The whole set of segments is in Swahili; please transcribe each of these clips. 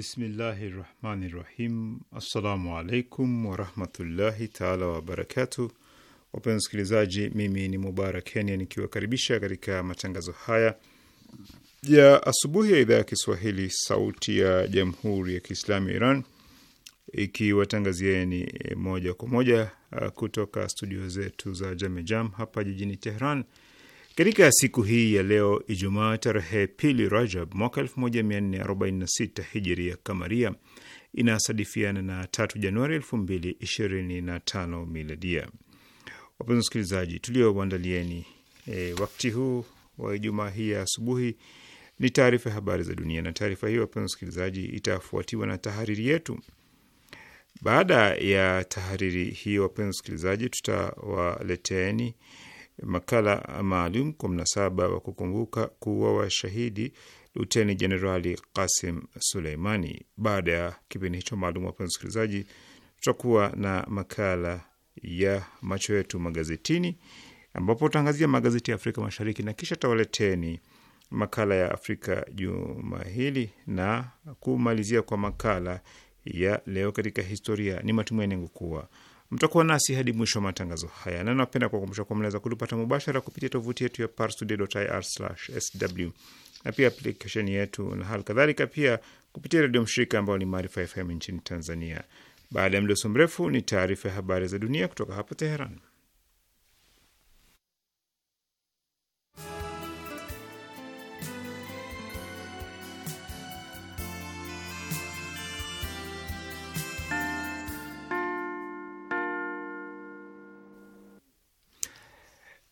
Bismillahi rahmani rahim. Assalamu alaikum warahmatullahi taala wabarakatu. Wapenzi msikilizaji mimi ni Mubarak Kenya nikiwakaribisha katika matangazo haya ya asubuhi ya idhaa ya Kiswahili sauti ya jamhuri ya Kiislamu ya Iran ikiwatangazieni moja kwa moja uh, kutoka studio zetu za Jamejam hapa jijini Tehran katika siku hii ya leo Ijumaa tarehe pili Rajab mwaka 1446 hijiria kamaria inasadifiana na 3 Januari 2025 miladia. Wapenzi wasikilizaji, tulioandalieni e, wakati huu wa Ijumaa hii ya asubuhi ni taarifa ya habari za dunia, na taarifa hiyo wapenzi wasikilizaji, itafuatiwa na tahariri yetu. Baada ya tahariri hiyo, wapenzi wasikilizaji, tutawaleteeni makala maalum kwa mnasaba wa kukumbuka kuwa washahidi Luteni Jenerali Kasim Suleimani. Baada ya kipindi hicho maalum, wapenzi wasikilizaji, tutakuwa na makala ya macho yetu magazetini, ambapo utaangazia magazeti ya Afrika Mashariki na kisha tawaleteni makala ya Afrika juma hili na kumalizia kwa makala ya leo katika historia. Ni matumaini yangu kuwa Mtakuwa nasi hadi mwisho wa matangazo haya, na napenda kuwakumbusha kuwa mnaweza kutupata mubashara kupitia tovuti yetu ya parstoday.ir/sw na pia aplikesheni yetu na hali kadhalika, pia kupitia redio mshirika ambayo ni Maarifa FM nchini Tanzania. Baada ya mdoso mrefu, ni taarifa ya habari za dunia kutoka hapa Teheran.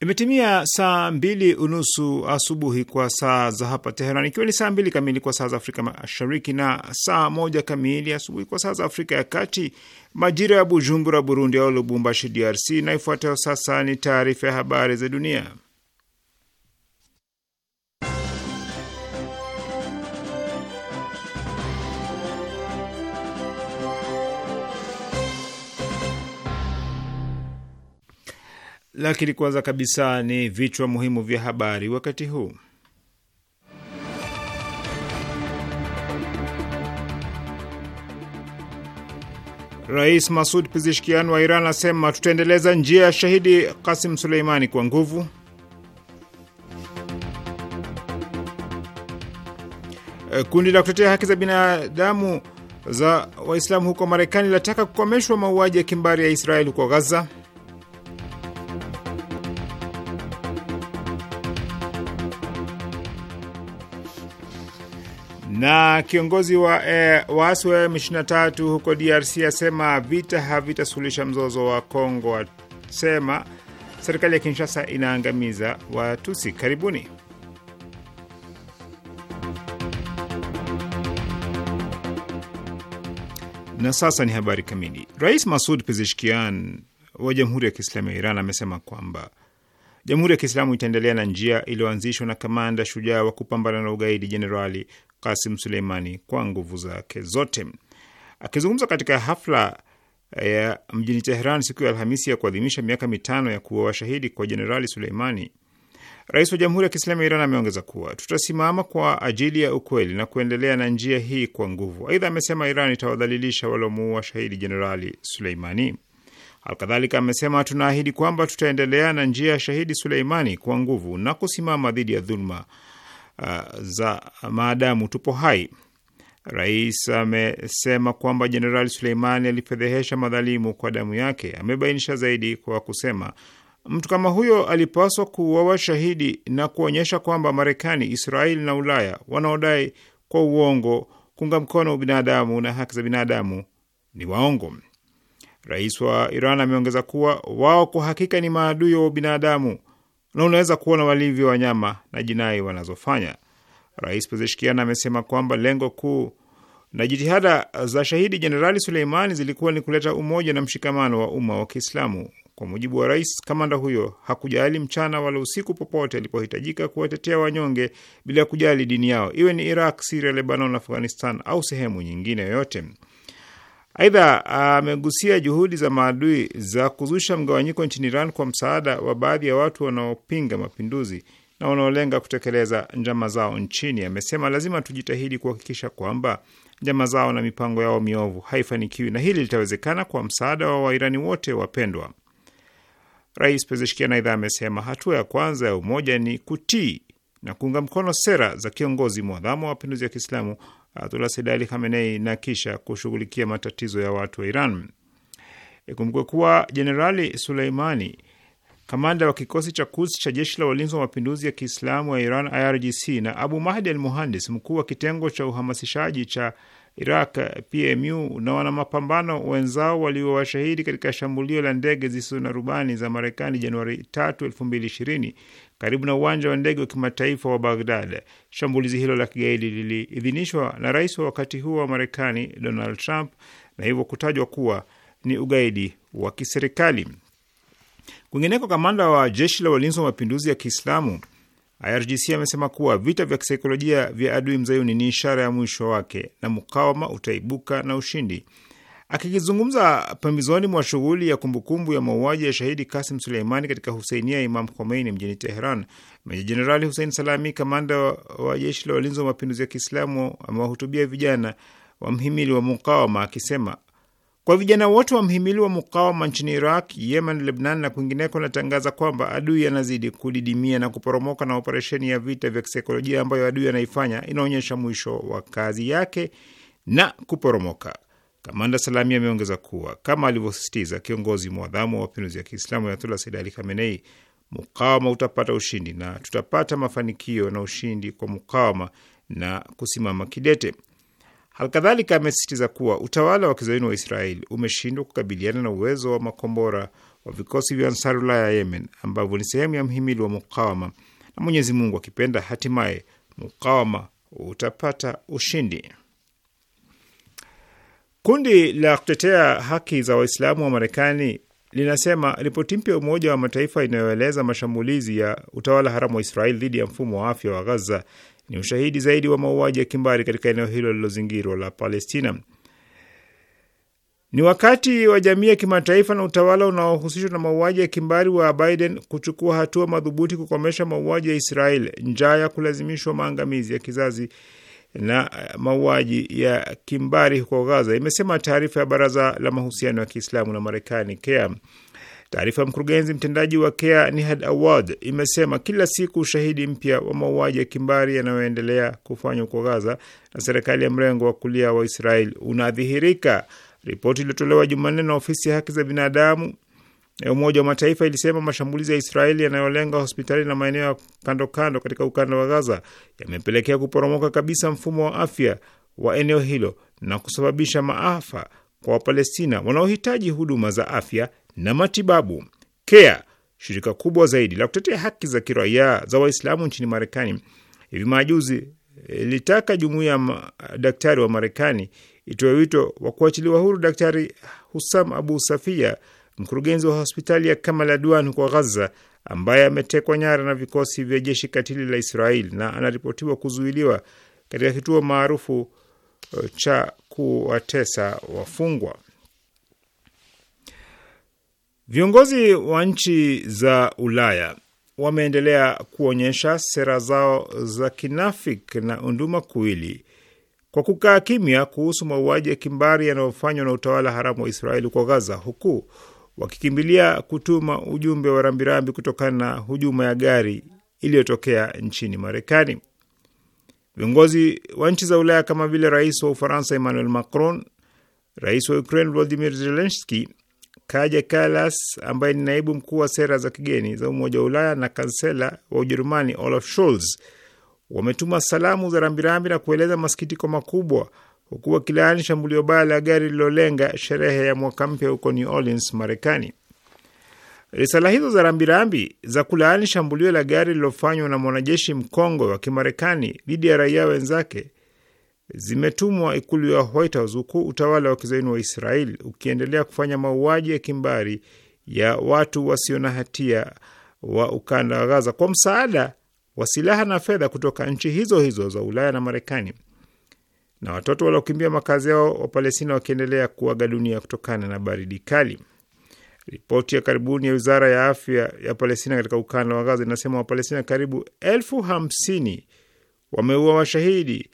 Imetimia saa mbili unusu asubuhi kwa saa za hapa Teheran, ikiwa ni saa mbili kamili kwa saa za Afrika Mashariki na saa moja kamili asubuhi kwa saa za Afrika ya Kati, majira ya Bujumbura, Burundi, au Lubumbashi, DRC. Na ifuatayo sasa ni taarifa ya habari za dunia. Lakini kwanza kabisa ni vichwa muhimu vya habari wakati huu. Rais Masud Pizishkian wa Iran asema tutaendeleza njia ya shahidi Kasim Suleimani kwa nguvu. Eh, kundi la kutetea haki za binadamu za Waislamu huko Marekani linataka kukomeshwa mauaji ya kimbari ya Israeli huko Gaza. na kiongozi wa eh, waasi wa M23 huko DRC asema vita havitasuluhisha mzozo wa Kongo, asema serikali ya Kinshasa inaangamiza Watusi. Karibuni. Na sasa ni habari kamili. Rais Masud Pezeshkian wa Jamhuri ya Kiislamu ya Iran amesema kwamba Jamhuri ya Kiislamu itaendelea na njia iliyoanzishwa na kamanda shujaa wa kupambana na ugaidi Jenerali Kasim Suleimani kwa nguvu zake zote. Akizungumza katika hafla ya eh, mjini Teheran siku ya Alhamisi ya kuadhimisha miaka mitano ya kuwa washahidi kwa Jenerali Suleimani, Rais wa Jamhuri ya Kiislamu ya Iran ameongeza kuwa tutasimama kwa ajili ya ukweli na kuendelea na njia hii kwa nguvu. Aidha amesema Iran itawadhalilisha waliomuua shahidi Jenerali Suleimani. Alkadhalika amesema tunaahidi kwamba tutaendelea na njia ya shahidi Suleimani kwa nguvu na kusimama dhidi ya dhuluma uh, za maadamu tupo hai. Rais amesema kwamba Jenerali Suleimani alifedhehesha madhalimu kwa damu yake. Amebainisha zaidi kwa kusema mtu kama huyo alipaswa kuuawa shahidi na kuonyesha kwamba Marekani, Israeli na Ulaya wanaodai kwa uongo kuunga mkono ubinadamu na haki za binadamu ni waongo. Rais wa Iran ameongeza kuwa wao kwa hakika ni maadui wa ubinadamu na unaweza kuona walivyo wanyama na jinai wanazofanya. Rais Pezeshkian amesema kwamba lengo kuu na jitihada za shahidi Jenerali Suleimani zilikuwa ni kuleta umoja na mshikamano wa umma wa Kiislamu. Kwa mujibu wa rais, kamanda huyo hakujali mchana wala usiku, popote alipohitajika kuwatetea wanyonge bila kujali dini yao, iwe ni Iraq, Siria, Lebanon, Afghanistan au sehemu nyingine yoyote. Aidha, amegusia juhudi za maadui za kuzusha mgawanyiko nchini Iran kwa msaada wa baadhi ya watu wanaopinga mapinduzi na wanaolenga kutekeleza njama zao nchini. Amesema lazima tujitahidi kuhakikisha kwamba njama zao na mipango yao miovu haifanikiwi, na hili litawezekana kwa msaada wa Wairani wote wapendwa. Rais Pezeshkian aidha amesema hatua ya kwanza ya umoja ni kutii na kuunga mkono sera za kiongozi mwadhamu wa mapinduzi ya Kiislamu Ayatullah Sayyid Ali Khamenei na kisha kushughulikia matatizo ya watu wa Iran. Ikumbukwe kuwa Jenerali Suleimani, kamanda wa kikosi cha Quds cha jeshi la walinzi wa mapinduzi ya Kiislamu ya Iran IRGC, na Abu Mahdi al Muhandis, mkuu wa kitengo cha uhamasishaji cha Iraq PMU na mapambano wenzao waliowashahidi katika shambulio la ndege zisizo na rubani za Marekani Januari 3, 2020 karibu na uwanja wa ndege wa kimataifa wa Baghdad. Shambulizi hilo la kigaidi liliidhinishwa na rais wa wakati huo wa Marekani Donald Trump na hivyo kutajwa kuwa ni ugaidi wa kiserikali. Kwingineko, kamanda wa jeshi la walinzi wa mapinduzi ya Kiislamu IRGC amesema kuwa vita vya kisaikolojia vya adui mzayuni ni ishara ya mwisho wake na mukawama utaibuka na ushindi. Akikizungumza pembezoni mwa shughuli ya kumbukumbu ya mauaji ya shahidi Kasim Suleimani katika Husainia ya Imam Khomeini mjini Teheran, Meja Jenerali Hussein Salami, kamanda wa jeshi la walinzi wa mapinduzi ya Kiislamu, amewahutubia vijana wa mhimili wa mukawama akisema kwa vijana wote wa mhimili wa mukawama nchini Iraq, Yemen, Lebnan na kwingineko, anatangaza kwamba adui anazidi kudidimia na kuporomoka, na operesheni ya vita vya kisaikolojia ambayo adui anaifanya inaonyesha mwisho wa kazi yake na kuporomoka. Kamanda Salami ameongeza kuwa kama alivyosisitiza kiongozi mwadhamu wa mapinduzi ya Kiislamu Ayatullah Sayyid Ali Khamenei, mukawama utapata ushindi na tutapata mafanikio na ushindi kwa mukawama na kusimama kidete. Halikadhalika amesisitiza kuwa utawala wa kizayuni wa israeli umeshindwa kukabiliana na uwezo wa makombora wa vikosi vya Ansarullah ya Yemen ambavyo ni sehemu ya mhimili wa mukawama, na Mwenyezi Mungu akipenda, hatimaye mukawama utapata ushindi. Kundi la kutetea haki za Waislamu wa Marekani linasema ripoti mpya ya Umoja wa Mataifa inayoeleza mashambulizi ya utawala haramu wa Israeli dhidi ya mfumo wa afya wa Gaza ni ushahidi zaidi wa mauaji ya kimbari katika eneo hilo lilozingirwa la Palestina. Ni wakati wa jamii ya kimataifa na utawala unaohusishwa na mauaji ya kimbari wa Biden kuchukua hatua madhubuti kukomesha mauaji ya Israel, njaa ya kulazimishwa, maangamizi ya kizazi na eh, mauaji ya kimbari huko Gaza, imesema taarifa ya Baraza la Mahusiano ya Kiislamu na Marekani kea Taarifa ya mkurugenzi mtendaji wa Kea Nihad Awad imesema kila siku ushahidi mpya wa mauaji ya kimbari yanayoendelea kufanywa huko Gaza na serikali ya mrengo wa kulia wa Israel unadhihirika. Ripoti iliyotolewa Jumanne na ofisi ya haki za binadamu ya Umoja wa Mataifa ilisema mashambulizi ya Israeli yanayolenga hospitali na maeneo ya kando kando katika ukanda wa Gaza yamepelekea kuporomoka kabisa mfumo wa afya wa eneo hilo na kusababisha maafa kwa Wapalestina wanaohitaji huduma za afya na matibabu. Care, shirika kubwa zaidi la kutetea haki za kiraia za Waislamu nchini Marekani, hivi majuzi ilitaka jumuiya ya daktari wa Marekani itoe wito wa kuachiliwa huru Daktari Husam Abu Safia mkurugenzi wa hospitali ya Kamal Adwan huko Ghaza, ambaye ametekwa nyara na vikosi vya jeshi katili la Israeli na anaripotiwa kuzuiliwa katika kituo maarufu uh, cha kuwatesa wafungwa. Viongozi wa nchi za Ulaya wameendelea kuonyesha sera zao za kinafiki na unduma kuwili kwa kukaa kimya kuhusu mauaji ya kimbari yanayofanywa na utawala haramu wa Israeli kwa Gaza, huku wakikimbilia kutuma ujumbe wa rambirambi kutokana na hujuma ya gari iliyotokea nchini Marekani. Viongozi wa nchi za Ulaya kama vile rais wa Ufaransa Emmanuel Macron, rais wa Ukraine Volodimir Zelenski, Kaja Kalas ambaye ni naibu mkuu wa sera za kigeni za Umoja wa Ulaya na kansela wa Ujerumani Olaf Scholz wametuma salamu za rambirambi na kueleza masikitiko makubwa huku wakilaani shambulio baya la gari lililolenga sherehe ya mwaka mpya huko New Orleans, Marekani. Risala hizo za rambirambi za kulaani shambulio la gari lililofanywa na mwanajeshi mkongwe wa Kimarekani dhidi ya raia wenzake zimetumwa ikulu ya White House, huku utawala wa kizaini wa Israel ukiendelea kufanya mauaji ya kimbari ya watu wasio na hatia wa ukanda wa Gaza kwa msaada wa silaha na fedha kutoka nchi hizo hizo za Ulaya na Marekani na watoto waliokimbia makazi yao wa Palestina wakiendelea kuaga dunia kutokana na baridi kali. Ripoti ya karibuni ya wizara ya afya ya Palestina katika ukanda wa Gaza inasema Wapalestina karibu elfu hamsini wameua washahidi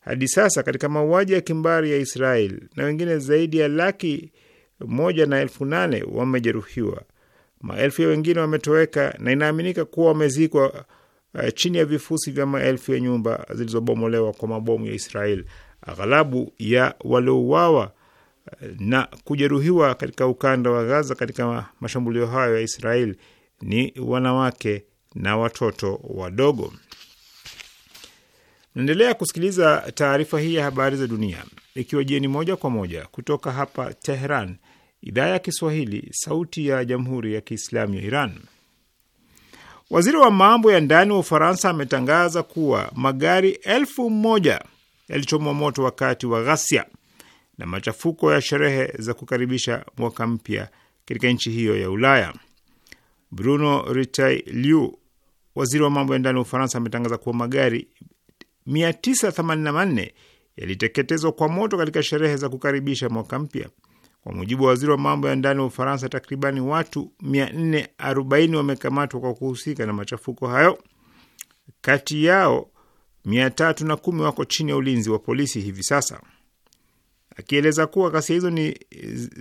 hadi sasa katika mauaji ya kimbari ya Israel na wengine zaidi ya laki moja na elfu nane wamejeruhiwa. Maelfu ya wengine wametoweka na inaaminika kuwa wamezikwa uh, chini ya vifusi vya maelfu ya nyumba zilizobomolewa kwa mabomu ya Israel. Aghalabu ya waliouawa eh, na kujeruhiwa katika ukanda wa Gaza katika mashambulio hayo ya Israel ni wanawake na watoto wadogo. Naendelea kusikiliza taarifa hii ya habari za dunia ikiwa jieni moja kwa moja kutoka hapa Tehran, idhaa ya Kiswahili, sauti ya jamhuri ya kiislamu ya Iran. Waziri wa mambo ya ndani wa Ufaransa ametangaza kuwa magari elfu moja yalichomwa moto wakati wa ghasia na machafuko ya sherehe za kukaribisha mwaka mpya katika nchi hiyo ya Ulaya. Bruno Retailleau, waziri wa mambo ya ndani wa Ufaransa, ametangaza kuwa magari 984 yaliteketezwa kwa moto katika sherehe za kukaribisha mwaka mpya. Kwa mujibu wa waziri wa mambo ya ndani wa Ufaransa, takribani watu 440 wamekamatwa kwa kuhusika na machafuko hayo, kati yao 310 wako chini ya ulinzi wa polisi hivi sasa, akieleza kuwa ghasia hizo ni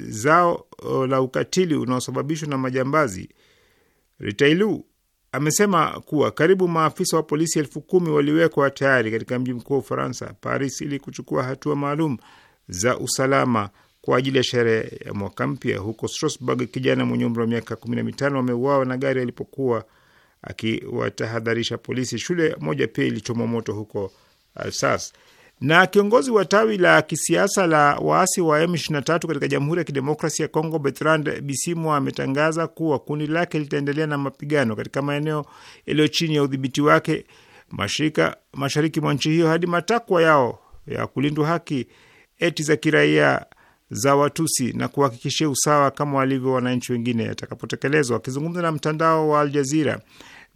zao la ukatili unaosababishwa na majambazi. Ritailu amesema kuwa karibu maafisa wa polisi elfu kumi waliwekwa tayari katika mji mkuu wa Ufaransa, Paris, ili kuchukua hatua maalum za usalama kwa ajili ya sherehe ya mwaka mpya. Huko Strasbourg, kijana mwenye umri wa miaka kumi na mitano ameuawa na gari alipokuwa akiwatahadharisha polisi. Shule moja pia ilichomwa moto huko Alsas. Na kiongozi wa tawi la kisiasa la waasi wa M23 katika Jamhuri ya Kidemokrasia ya Kongo, Bertrand Bisimwa, ametangaza kuwa kundi lake litaendelea na mapigano katika maeneo yaliyo chini ya udhibiti wake mashirika mashariki mwa nchi hiyo hadi matakwa yao ya kulindwa haki eti za kiraia za Watusi na kuhakikishia usawa kama walivyo wananchi wengine yatakapotekelezwa. Akizungumza na mtandao wa aljazira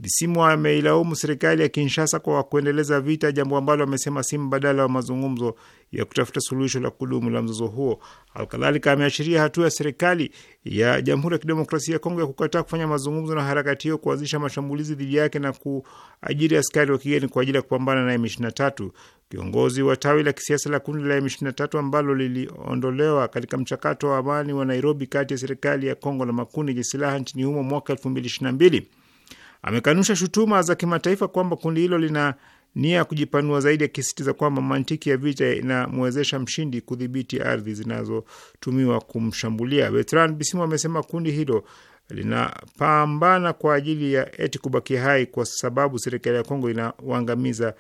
Disimwa ameilaumu serikali ya Kinshasa kwa kuendeleza vita, jambo ambalo amesema si mbadala wa mazungumzo ya kutafuta suluhisho la kudumu la mzozo huo. Alkadhalika ameashiria hatua ya serikali ya Jamhuri ya Kidemokrasia ya Kongo ya kukataa kufanya mazungumzo na harakati hiyo, kuanzisha mashambulizi dhidi yake na kuajiri askari wa kigeni kwa ajili ya kupambana na M23. Kiongozi wa tawi la kisiasa la kundi la M23 ambalo liliondolewa katika mchakato wa amani wa Nairobi kati ya serikali ya Kongo na makundi yenye silaha nchini humo mwaka 2022 Amekanusha shutuma za kimataifa kwamba kundi hilo lina nia ya kujipanua zaidi, akisisitiza kwamba mantiki ya vita inamwezesha mshindi kudhibiti ardhi zinazotumiwa kumshambulia. Bertrand Bisimwa amesema kundi hilo linapambana kwa ajili ya eti kubakia hai kwa sababu serikali ya Kongo inawaangamiza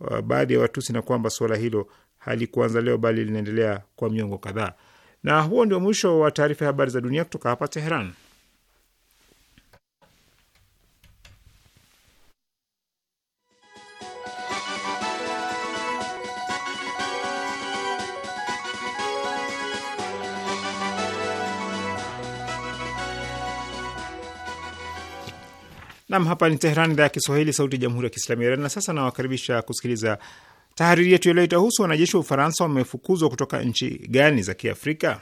uh, baadhi ya Watusi na kwamba suala hilo halikuanza leo bali linaendelea kwa miongo kadhaa. Na huo ndio mwisho wa taarifa ya habari za dunia kutoka hapa Teheran. Nam, hapa ni Teheran, idhaa ya Kiswahili, sauti ya jamhuri ya kiislamu ya Iran. Na sasa nawakaribisha kusikiliza tahariri yetu yaliyo itahusu wanajeshi wa Ufaransa wamefukuzwa kutoka nchi gani za Kiafrika.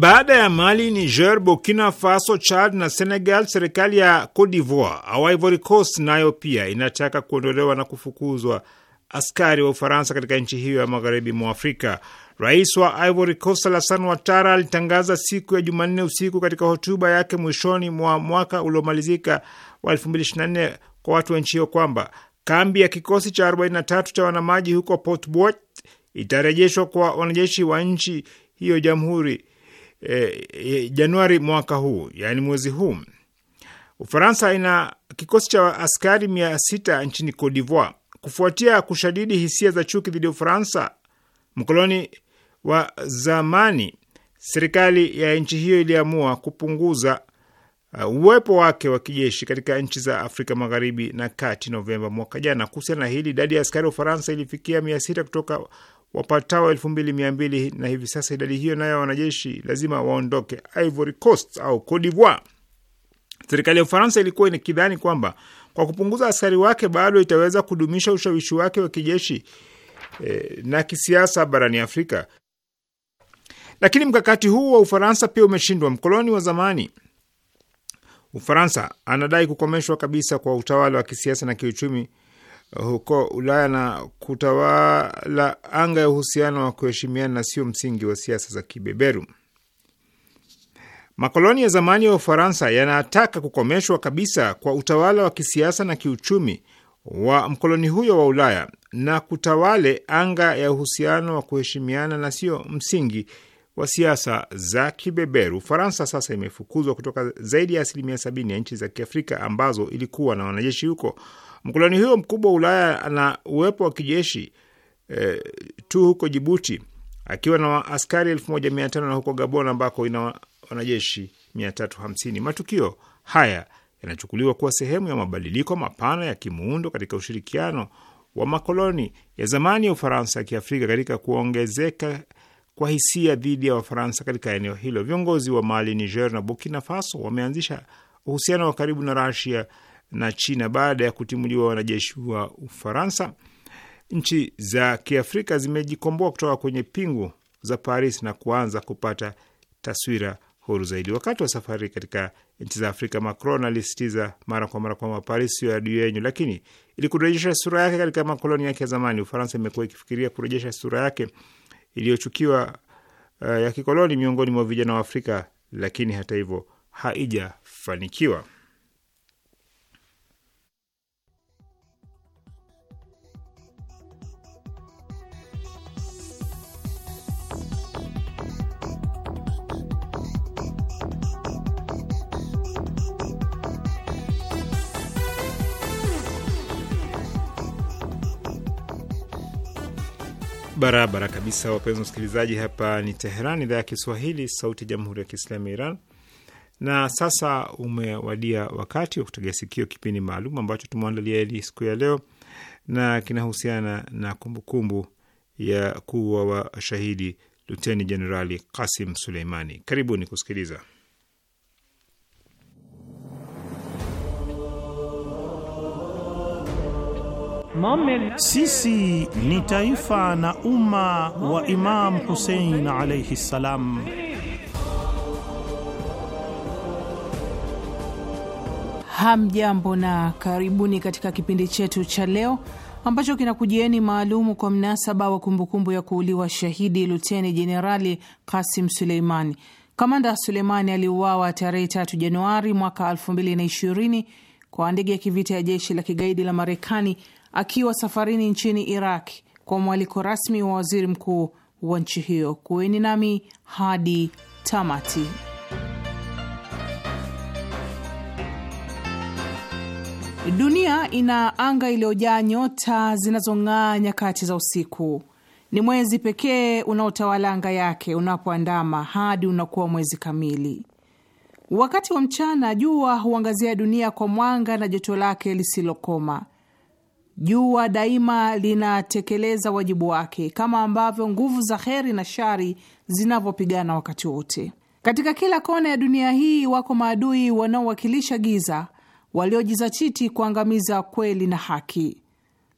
Baada ya Mali, Niger, Burkina Faso, Chad na Senegal, serikali ya Cote d'Ivoire au Ivory Coast nayo pia inataka kuondolewa na kufukuzwa askari wa Ufaransa katika nchi hiyo ya magharibi mwa Afrika. Rais wa Ivory Coast Alassane Ouattara alitangaza siku ya Jumanne usiku katika hotuba yake mwishoni mwa mwaka uliomalizika wa 2024 kwa watu wa nchi hiyo kwamba kambi ya kikosi cha 43 cha wanamaji huko Port Bouet itarejeshwa kwa wanajeshi wa nchi hiyo jamhuri e, Januari mwaka huu, yaani mwezi huu, Ufaransa ina kikosi cha askari mia sita nchini Cote d'Ivoire kufuatia kushadidi hisia za chuki dhidi ya Ufaransa mkoloni wa zamani. Serikali ya nchi hiyo iliamua kupunguza uh, uwepo uh, wake wa kijeshi katika nchi za Afrika Magharibi na Kati Novemba mwaka jana. Kuhusiana na hili, idadi ya askari wa Ufaransa ilifikia mia sita kutoka wapatao elfu mbili mia mbili na hivi sasa idadi hiyo nayo wanajeshi lazima waondoke Ivory Coast au Cote d'Ivoire. Serikali ya Ufaransa ilikuwa inakidhani kwamba kwa kupunguza askari wake bado itaweza kudumisha ushawishi wake wa kijeshi e, na kisiasa barani Afrika, lakini mkakati huu wa Ufaransa pia umeshindwa. Mkoloni wa zamani Ufaransa anadai kukomeshwa kabisa kwa utawala wa kisiasa na kiuchumi huko Ulaya na kutawala anga ya uhusiano wa kuheshimiana na sio msingi wa siasa za kibeberu. Makoloni ya zamani ya Ufaransa yanataka kukomeshwa kabisa kwa utawala wa kisiasa na kiuchumi wa mkoloni huyo wa Ulaya na kutawale anga ya uhusiano wa kuheshimiana na sio msingi wa siasa za kibeberu. Ufaransa sasa imefukuzwa kutoka zaidi ya asilimia sabini ya nchi za Kiafrika ambazo ilikuwa na wanajeshi huko. Mkoloni huyo mkubwa wa Ulaya ana uwepo wa kijeshi e, tu huko Jibuti akiwa na askari elfu moja mia tano na huko Gabon ambako ina wanajeshi mia tatu hamsini. Matukio haya yanachukuliwa kuwa sehemu ya mabadiliko mapana ya kimuundo katika ushirikiano wa makoloni ya zamani ya Ufaransa ya Kiafrika katika kuongezeka kwa hisia dhidi ya Wafaransa katika eneo hilo. Viongozi wa Mali, Niger na Burkina Faso wameanzisha uhusiano wa karibu na Rasia na China baada ya kutimuliwa wanajeshi wa Ufaransa, nchi za Kiafrika zimejikomboa kutoka kwenye pingu za Paris na kuanza kupata taswira huru zaidi. Wakati wa safari katika nchi za Afrika, Macron alisitiza mara kwa mara kwamba Paris siyo adui yenu, lakini ili kurejesha sura yake katika makoloni yake ya zamani, Ufaransa imekuwa ikifikiria kurejesha sura yake iliyochukiwa uh, ya kikoloni miongoni mwa vijana wa Afrika, lakini hata hivyo haijafanikiwa. Barabara kabisa, wapenzi wasikilizaji, hapa ni Teheran, idhaa ya Kiswahili, sauti ya jamhuri ya kiislamu ya Iran. Na sasa umewadia wakati wa kutegea sikio kipindi maalum ambacho tumeandalia hili siku ya leo, na kinahusiana na kumbukumbu kumbu ya kuwa washahidi Luteni Jenerali Kasim Suleimani. Karibuni kusikiliza. Sisi ni taifa na umma wa Imam Hussein alayhi salam. Hamjambo na karibuni katika kipindi chetu cha leo ambacho kinakujieni maalumu kwa mnasaba wa kumbukumbu ya kuuliwa shahidi Luteni Jenerali Kasim Suleimani. Kamanda Suleimani aliuawa tarehe 3 Januari mwaka 2020 kwa ndege ya kivita ya jeshi la kigaidi la Marekani akiwa safarini nchini iraq kwa mwaliko rasmi wa waziri mkuu wa nchi hiyo. Kuweni nami hadi tamati. Dunia ina anga iliyojaa nyota zinazong'aa nyakati za usiku. Ni mwezi pekee unaotawala anga yake unapoandama hadi unakuwa mwezi kamili. Wakati wa mchana, jua huangazia dunia kwa mwanga na joto lake lisilokoma. Jua daima linatekeleza wajibu wake kama ambavyo nguvu za heri na shari zinavyopigana wakati wote. Katika kila kona ya dunia hii wako maadui wanaowakilisha giza, waliojizatiti kuangamiza kweli na haki,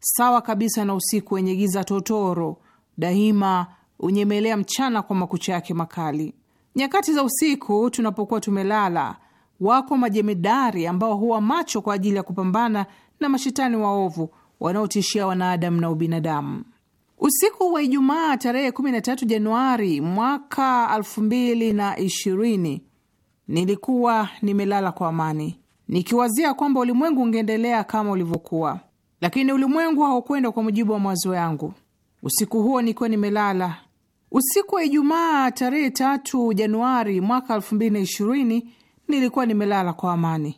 sawa kabisa na usiku wenye giza totoro, daima unyemelea mchana kwa makucha yake makali. Nyakati za usiku tunapokuwa tumelala, wako majemedari ambao huwa macho kwa ajili ya kupambana na mashetani waovu wanaotishia wanadamu na ubinadamu. Usiku wa Ijumaa tarehe 13 Januari mwaka 2020 nilikuwa nimelala kwa amani nikiwazia kwamba ulimwengu ungeendelea kama ulivyokuwa, lakini ulimwengu haukwenda kwa mujibu wa mawazo yangu. Usiku huo nikiwa nimelala, usiku wa Ijumaa tarehe 3 Januari mwaka 2020 nilikuwa nimelala kwa amani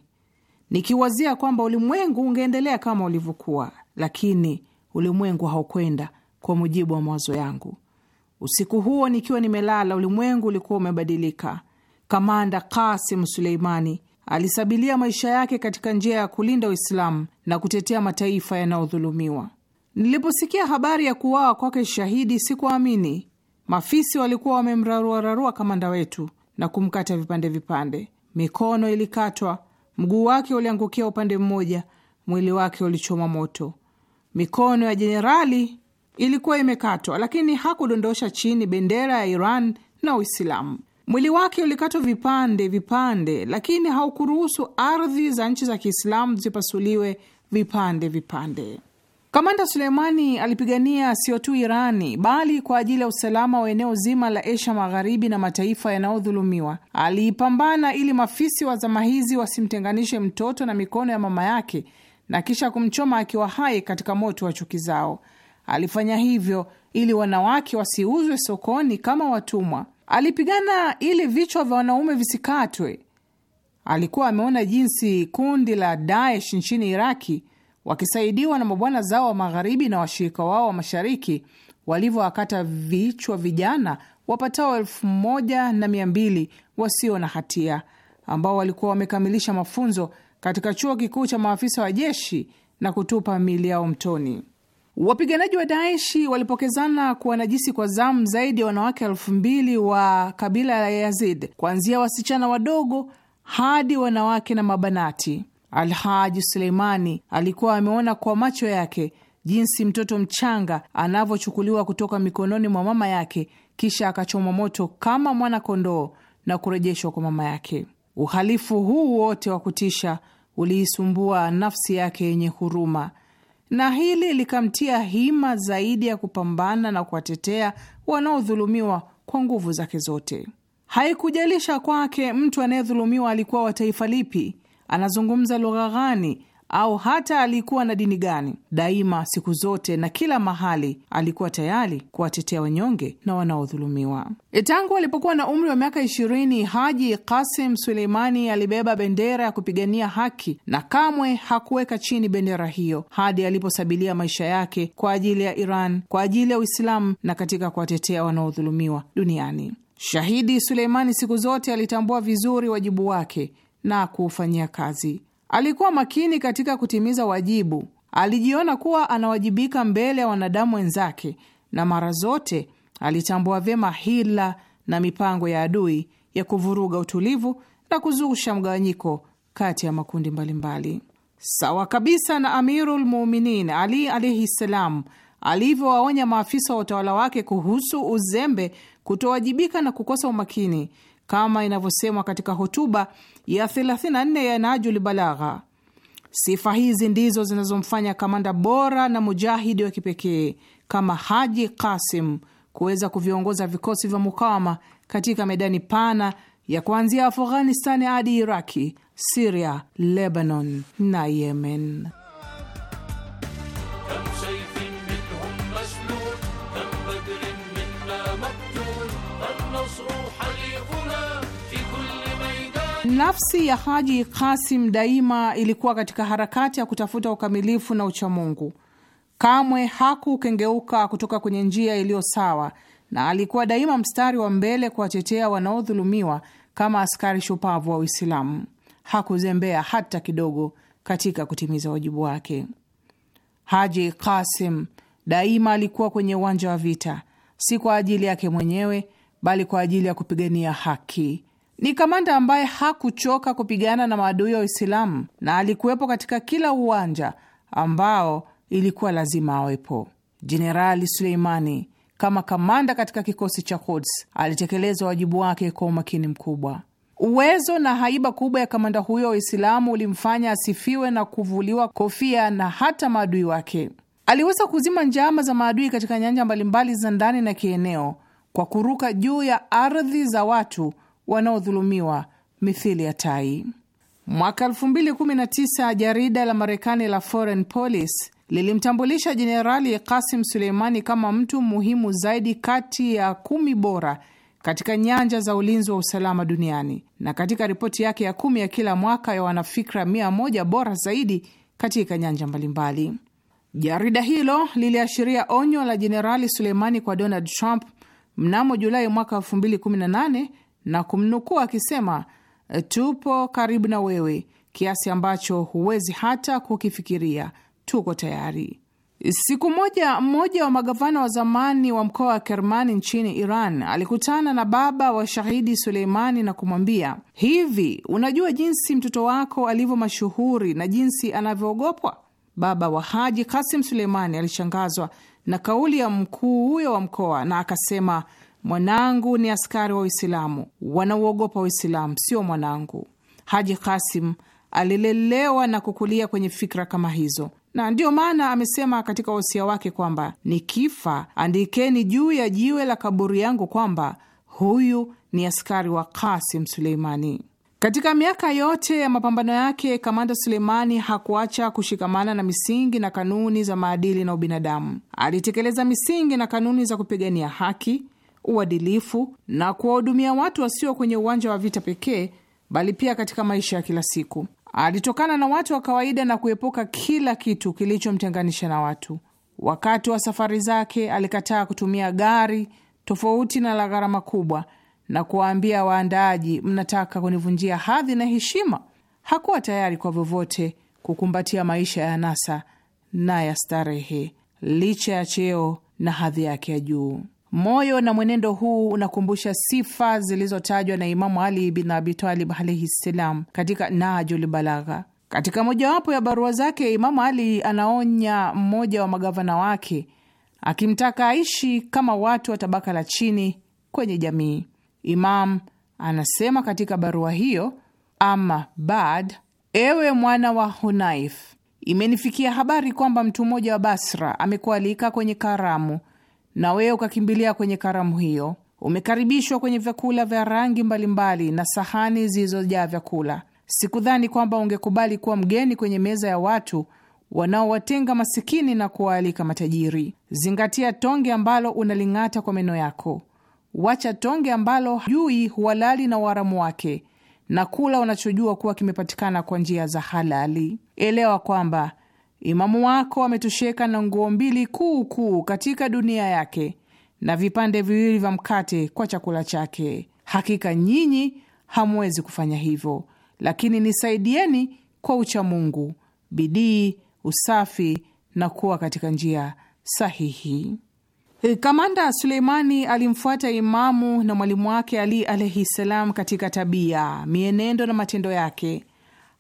nikiwazia kwamba ulimwengu ungeendelea kama ulivyokuwa lakini ulimwengu haukwenda kwa mujibu wa mawazo yangu. Usiku huo nikiwa nimelala, ulimwengu ulikuwa umebadilika. Kamanda Kasim Suleimani alisabilia maisha yake katika njia ya kulinda Uislamu na kutetea mataifa yanayodhulumiwa. Niliposikia habari ya kuwawa kwake shahidi, sikuamini. Mafisi walikuwa wamemraruararua kamanda wetu na kumkata vipande vipande. Mikono ilikatwa, mguu wake uliangukia upande mmoja, mwili wake ulichoma moto. Mikono ya jenerali ilikuwa imekatwa, lakini hakudondosha chini bendera ya Iran na Uislamu. Mwili wake ulikatwa vipande vipande, lakini haukuruhusu ardhi za nchi za Kiislamu zipasuliwe vipande vipande. Kamanda Suleimani alipigania sio tu Irani bali kwa ajili ya usalama wa eneo zima la Asia Magharibi na mataifa yanayodhulumiwa. Aliipambana ili mafisi wa zama hizi wasimtenganishe mtoto na mikono ya mama yake na kisha kumchoma akiwa hai katika moto wa chuki zao. Alifanya hivyo ili wanawake wasiuzwe sokoni kama watumwa. Alipigana ili vichwa vya wanaume visikatwe. Alikuwa ameona jinsi kundi la Daesh nchini Iraki wakisaidiwa na mabwana zao wa magharibi na washirika wao wa mashariki walivyowakata vichwa vijana wapatao elfu moja na mia mbili wasio na hatia ambao walikuwa wamekamilisha mafunzo katika chuo kikuu cha maafisa wa jeshi na kutupa mili yao mtoni. Wapiganaji wa Daeshi walipokezana kuwa najisi kwa zamu zaidi ya wanawake elfu mbili wa kabila la Yazid, kuanzia wasichana wadogo hadi wanawake na mabanati. Alhaji Suleimani alikuwa ameona kwa macho yake jinsi mtoto mchanga anavyochukuliwa kutoka mikononi mwa mama yake, kisha akachomwa moto kama mwana kondoo na kurejeshwa kwa mama yake. Uhalifu huu wote wa kutisha uliisumbua nafsi yake yenye huruma, na hili likamtia hima zaidi ya kupambana na kuwatetea wanaodhulumiwa kwa nguvu zake zote. Haikujalisha kwake mtu anayedhulumiwa alikuwa wa taifa lipi, anazungumza lugha gani au hata alikuwa na dini gani, daima, siku zote na kila mahali alikuwa tayari kuwatetea wanyonge na wanaodhulumiwa. E, tangu alipokuwa na umri wa miaka ishirini, Haji Kasim Suleimani alibeba bendera ya kupigania haki na kamwe hakuweka chini bendera hiyo hadi aliposabilia maisha yake kwa ajili ya Iran, kwa ajili ya Uislamu na katika kuwatetea wanaodhulumiwa duniani. Shahidi Suleimani siku zote alitambua vizuri wajibu wake na kuufanyia kazi. Alikuwa makini katika kutimiza wajibu. Alijiona kuwa anawajibika mbele ya wanadamu wenzake, na mara zote alitambua vyema hila na mipango ya adui ya kuvuruga utulivu na kuzusha mgawanyiko kati ya makundi mbalimbali mbali. Sawa kabisa na Amirul Muminin Ali alaihi ssalam alivyowaonya maafisa wa utawala wake kuhusu uzembe, kutowajibika na kukosa umakini kama inavyosemwa katika hotuba ya 34 ya Najul Balagha. Sifa hizi ndizo zinazomfanya kamanda bora na mujahidi wa kipekee kama Haji Kasim kuweza kuviongoza vikosi vya mukawama katika medani pana ya kuanzia Afghanistani hadi Iraki, Siria, Lebanon na Yemen. Nafsi ya Haji Kasim daima ilikuwa katika harakati ya kutafuta ukamilifu na uchamungu. Kamwe hakukengeuka kutoka kwenye njia iliyo sawa, na alikuwa daima mstari wa mbele kuwatetea wanaodhulumiwa kama askari shupavu wa Uislamu. Hakuzembea hata kidogo katika kutimiza wajibu wake. Haji Kasim daima alikuwa kwenye uwanja wa vita, si kwa ajili yake mwenyewe, bali kwa ajili ya kupigania haki. Ni kamanda ambaye hakuchoka kupigana na maadui wa Uislamu na alikuwepo katika kila uwanja ambao ilikuwa lazima awepo. Jenerali Suleimani kama kamanda katika kikosi cha Quds alitekeleza wajibu wake kwa umakini mkubwa. Uwezo na haiba kubwa ya kamanda huyo wa Uislamu ulimfanya asifiwe na kuvuliwa kofia na hata maadui wake. Aliweza kuzima njama za maadui katika nyanja mbalimbali za ndani na kieneo kwa kuruka juu ya ardhi za watu wanaodhulumiwa mithili ya tai. Mwaka 2019 jarida la Marekani la Foreign Policy lilimtambulisha Jenerali Kasim Suleimani kama mtu muhimu zaidi kati ya kumi bora katika nyanja za ulinzi wa usalama duniani, na katika ripoti yake ya kumi ya kila mwaka ya wanafikra mia moja bora zaidi katika nyanja mbalimbali. Jarida hilo liliashiria onyo la Jenerali Suleimani kwa Donald Trump mnamo Julai mwaka na kumnukuu akisema, tupo karibu na wewe kiasi ambacho huwezi hata kukifikiria, tuko tayari. Siku moja mmoja wa magavana wa zamani wa mkoa wa Kermani nchini Iran alikutana na baba wa shahidi Suleimani na kumwambia, hivi unajua jinsi mtoto wako alivyo mashuhuri na jinsi anavyoogopwa? Baba wa Haji Kasim Suleimani alishangazwa na kauli ya mkuu huyo wa mkoa na akasema Mwanangu ni askari wa Uislamu, wanauogopa Uislamu, sio mwanangu. Haji Kasim alilelewa na kukulia kwenye fikra kama hizo, na ndiyo maana amesema katika wasia wake kwamba nikifa, andikeni juu ya jiwe la kaburi yangu kwamba huyu ni askari wa Kasim Suleimani. Katika miaka yote ya mapambano yake, kamanda Suleimani hakuacha kushikamana na misingi na kanuni za maadili na ubinadamu. Alitekeleza misingi na kanuni za kupigania haki uadilifu na kuwahudumia watu wasio kwenye uwanja wa vita pekee, bali pia katika maisha ya kila siku. Alitokana na watu wa kawaida na kuepuka kila kitu kilichomtenganisha na watu. Wakati wa safari zake alikataa kutumia gari tofauti na la gharama kubwa, na kuwaambia waandaaji, mnataka kunivunjia hadhi na heshima. Hakuwa tayari kwa vyovyote kukumbatia maisha ya nasa na ya starehe, licha ya cheo na hadhi yake ya juu. Moyo na mwenendo huu unakumbusha sifa zilizotajwa na Imamu Ali bin Abitalib alaihi ssalam katika Najul Balagha. Katika mojawapo ya barua zake, Imamu Ali anaonya mmoja wa magavana wake akimtaka aishi kama watu wa tabaka la chini kwenye jamii. Imam anasema katika barua hiyo, ama bad, ewe mwana wa Hunaif, imenifikia habari kwamba mtu mmoja wa Basra amekualika kwenye karamu na wewe ukakimbilia kwenye karamu hiyo. Umekaribishwa kwenye vyakula vya rangi mbalimbali na sahani zilizojaa vyakula. Sikudhani kwamba ungekubali kuwa mgeni kwenye meza ya watu wanaowatenga masikini na kuwaalika matajiri. Zingatia tonge ambalo unaling'ata kwa meno yako, wacha tonge ambalo jui huhalali na uharamu wake, na kula unachojua kuwa kimepatikana kwa njia za halali. Elewa kwamba Imamu wako ametosheka na nguo mbili kuu kuu katika dunia yake na vipande viwili vya mkate kwa chakula chake. Hakika nyinyi hamwezi kufanya hivyo, lakini nisaidieni kwa ucha mungu bidii, usafi na kuwa katika njia sahihi. Kamanda Suleimani alimfuata Imamu na mwalimu wake Ali alaihi salam katika tabia, mienendo na matendo yake